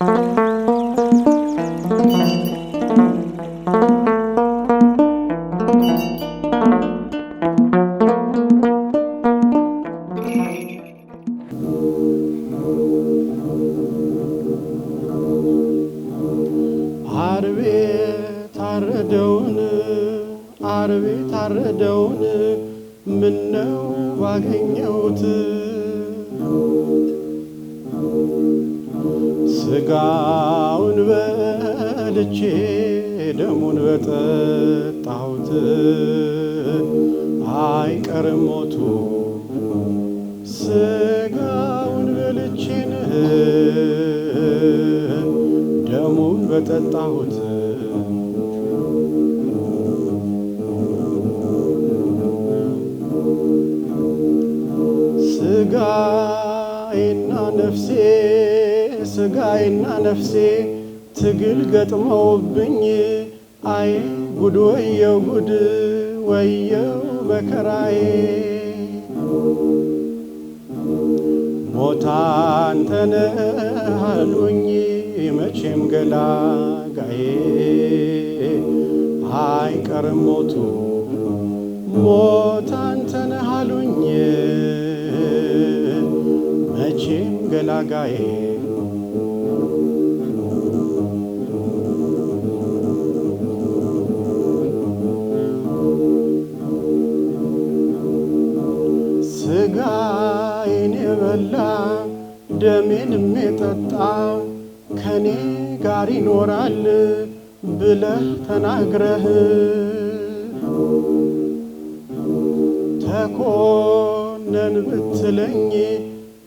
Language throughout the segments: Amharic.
አርቤ ታረደውን አርቤ ታረደውን ምነው ባገኘውት ስጋውን በልቼ ደሙን በጠጣሁት አይቀርም ሞቱ። ስጋውን በልቼን ደሙን በጠጣሁት ስጋዬና ነፍሴ ስጋይና ነፍሴ ትግል ገጥመውብኝ አይ ጉድ ወየው ጉድ ወየው መከራዬ ሞታ ሃሉኝ አሉኝ መቼም ገላጋዬ አይቀርም ሞቱ ሞታ አንተነህ አሉኝ መቼም ገላጋዬ ደሜን የሚጠጣ ከኔ ጋር ይኖራል ብለህ ተናግረህ ተኮነን ብትለኝ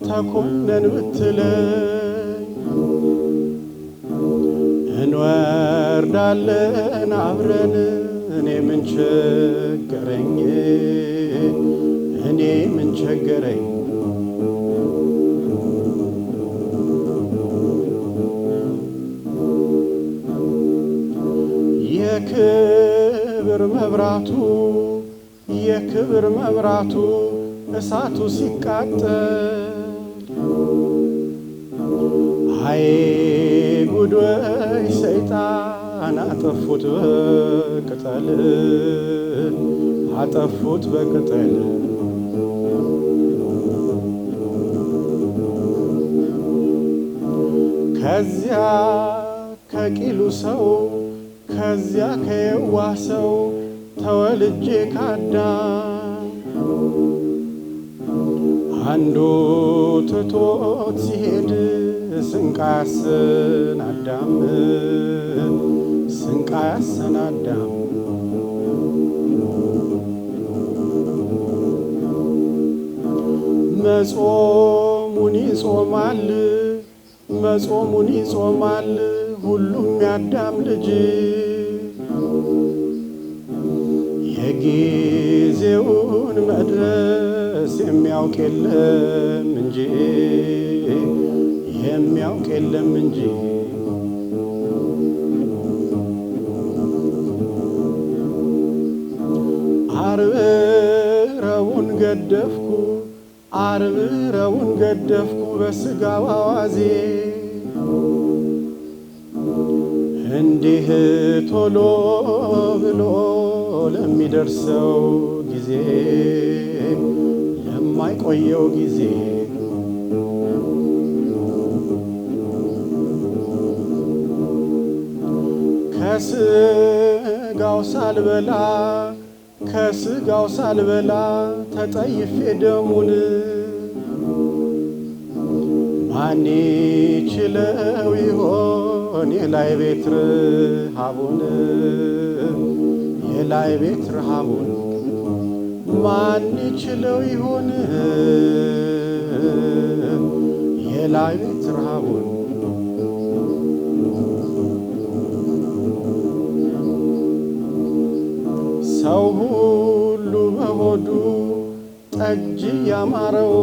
ተኮነን ብትለኝ እንወርዳለን አብረን እኔ ምን ቸገረኝ እኔ ምን ቸገረኝ የክብር መብራቱ የክብር መብራቱ እሳቱ ሲቃጠል አይ ጉድወይ ሰይጣን አጠፉት በቅጠል አጠፉት በቅጠል ከዚያ ከቂሉ ሰው ከዚያ ከየዋህ ሰው ተወልጄ ካዳም አንዱ ትቶት ሲሄድ ስንቃስን አዳምን ስንቃስን አዳም መጾሙን ይጾማል መጾሙን ይጾማል ሁሉም ያዳም ልጅ ጊዜውን መድረስ የሚያውቅ የለም እንጂ የሚያውቅ የለም እንጂ አርብ ረቡን ገደፍኩ አርብ ረቡን ገደፍኩ በስጋ አዋዜ እንዲህ ቶሎ ብሎ ለሚደርሰው ጊዜ ለማይቆየው ጊዜ ከስጋው ሳልበላ ከስጋው ሳልበላ ተጠይፌ ደሙን ማን ይችለው ይሆን የላይ ቤት ረሃቡን የላይ ቤት ረሃቡን ማን ይችለው ይሆን? የላይ ቤት ረሃቡን ሰው ሁሉ በሆዱ ጠጅ ያማረው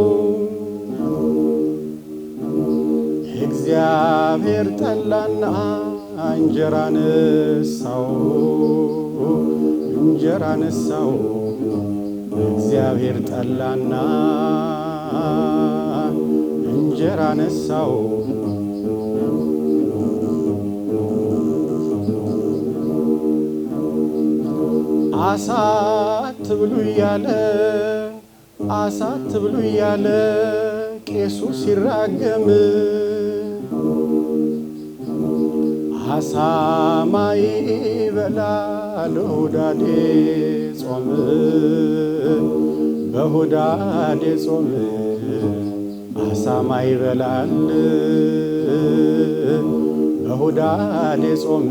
እግዚአብሔር ጠላና እንጀራ ሳው እንጀራ ነሳው እግዚአብሔር ጠላና እንጀራ ነሳው አሳ ትብሉ እያለ አሳ ትብሉ እያለ ቄሱ ሲራገም አሳማ ይበላል በሁዳዴ ጾም በሁዳዴ ጾም አሳማ ይበላል በሁዳዴ ጾም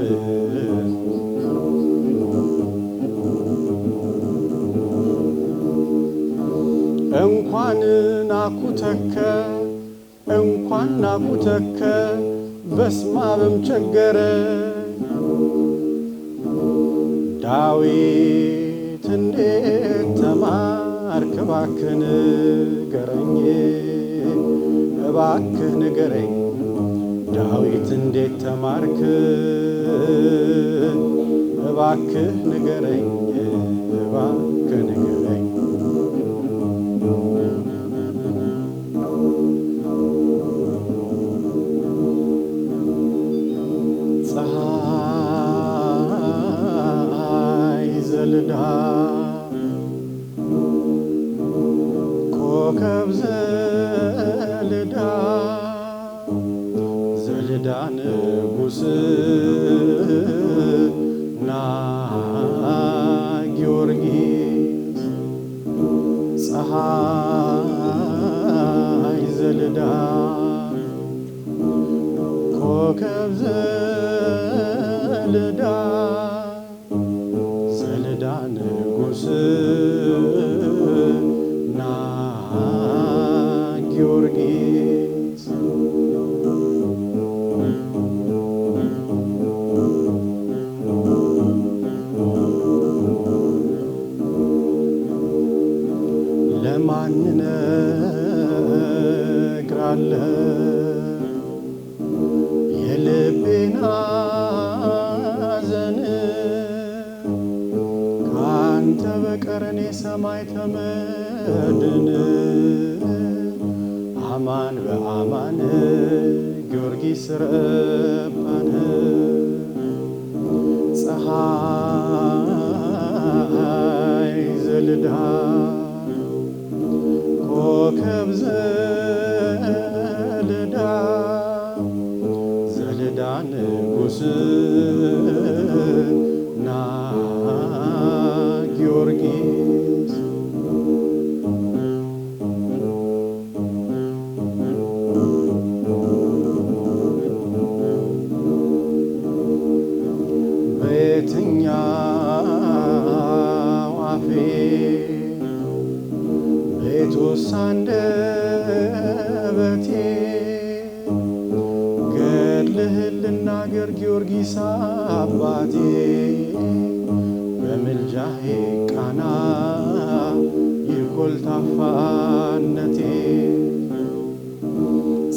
እንኳን ናኩተከ እንኳን ናኩተከ በስማብም ቸገረ ዳዊት እንዴት ተማርክ እባክህ ንገረኝ እባክህ ንገረኝ ዳዊት እንዴት ተማርክ እባክህ ንገረኝ ንጉስ ና ጊዮርጊስ ፀሐይ ዘልዳ ኮከብ ዘልዳ ካንተ በቀር እኔ ሰማይ ተመድን አማን በአማን ጊዮርጊስ ረባን ፀሐይ ዘልዳ አዲስ አባቴ በምልጃዬ ቃና የኮልታፋነቴ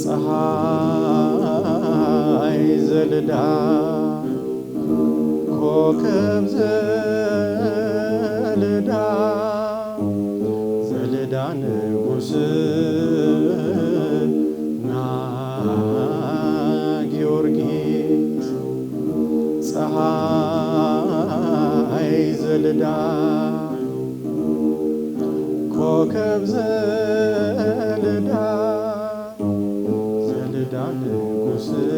ፀሐይ ዘልዳ ኮከብ ፀሐይ ዘልዳ ኮከብ ዘልዳ ዘልዳ ንጉሥ